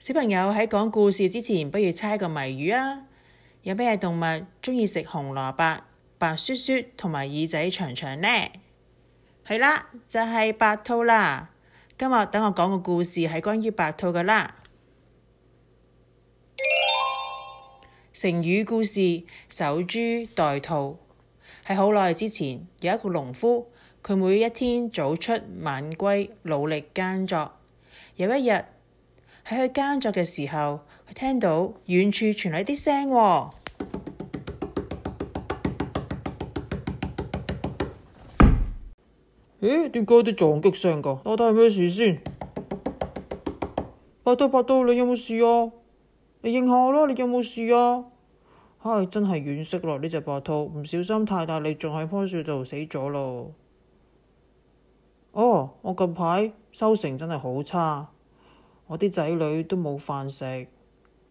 小朋友，喺講故事之前，不如猜個謎語啊！有咩動物鍾意食紅蘿蔔、白雪雪同埋耳仔長長呢？係啦，就係、是、白兔啦！今日等我講個故事係關於白兔噶啦。成語故事，守株待兔。喺好耐之前，有一個農夫，佢每一天早出晚歸，努力耕作。有一日，喺佢耕作嘅時候，佢聽到遠處傳嚟啲聲。咦、欸？點解有啲撞擊聲噶？到底係咩事先？白兔，白兔，你有冇事啊？你應下我啦，你有冇事啊？唉、啊，真係惋惜咯，呢隻白兔唔小心太大力，撞喺棵樹度死咗咯。哦，我近排收成真係好差。我啲仔女都冇飯食，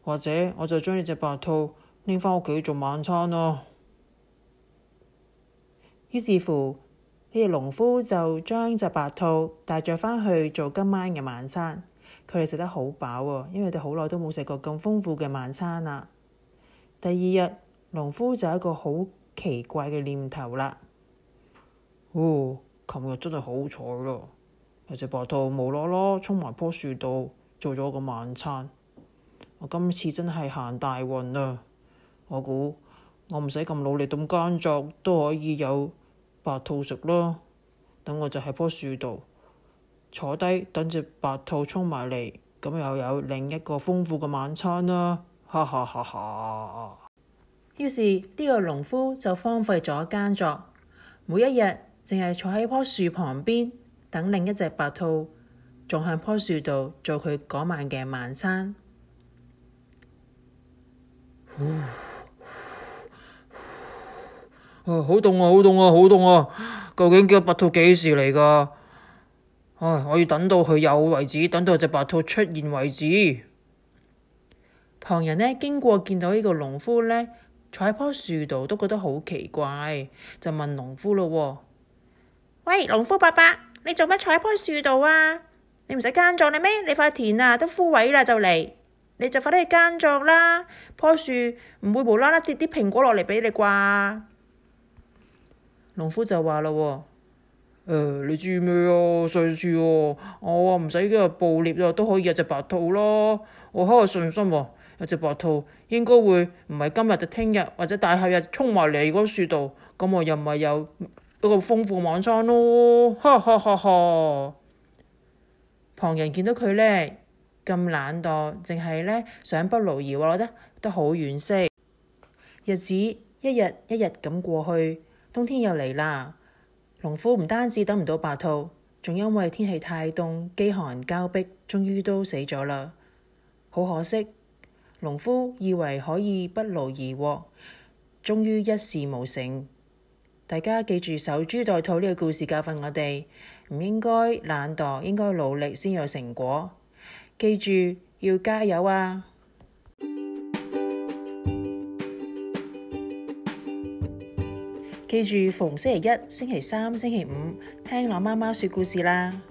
或者我就將呢隻白兔拎返屋企做晚餐咯。於是乎，呢隻農夫就將隻白兔帶着返去做今晚嘅晚餐。佢哋食得好飽喎，因為佢哋好耐都冇食過咁豐富嘅晚餐啦。第二日，農夫就有一個好奇怪嘅念頭啦。哦，琴日真係好彩咯，有隻白兔無啦啦衝埋棵樹度。做咗個晚餐，我今次真係行大運啦！我估我唔使咁努力咁耕作，都可以有白兔食咯。等我就喺棵樹度坐低，等隻白兔衝埋嚟，咁又有另一個豐富嘅晚餐啦！哈哈哈哈！於是呢個農夫就荒廢咗耕作，每一日淨係坐喺棵樹旁邊等另一隻白兔。仲喺樖樹度做佢嗰晚嘅晚餐，好凍啊！好凍啊！好凍啊！究竟隻白兔幾時嚟噶？唉，我要等到佢有為止，等到隻白兔出現為止。旁人呢經過見到呢個農夫呢，坐喺樖樹度都覺得好奇怪，就問農夫咯：，喂，農夫伯伯，你做乜坐喺樖樹度啊？你唔使耕作啦咩？你塊田啊都枯萎啦就嚟，你就快啲去耕作啦。樖樹唔會無啦啦跌啲蘋果落嚟畀你啩？農夫就話啦，誒、嗯呃，你知咩呀？上次我話唔使今日捕獵啊，都可以有隻白兔咯。我好有信心，有隻白兔應該會唔係今日就聽日或者大後日衝埋嚟嗰個樹度，咁我又唔咪有一個豐富嘅晚餐咯。哈哈哈哈。旁人見到佢呢，咁懶惰，淨係呢，想不勞而獲，我覺得都好惋惜。日子一日一日咁過去，冬天又嚟啦。農夫唔單止等唔到白兔，仲因為天氣太凍，飢寒交迫，終於都死咗啦。好可惜，農夫以為可以不勞而獲，終於一事無成。大家記住守株待兔呢個故事教訓我哋，唔應該懶惰，應該努力先有成果。記住要加油啊！記住逢星期一、星期三、星期五，聽老媽媽說故事啦。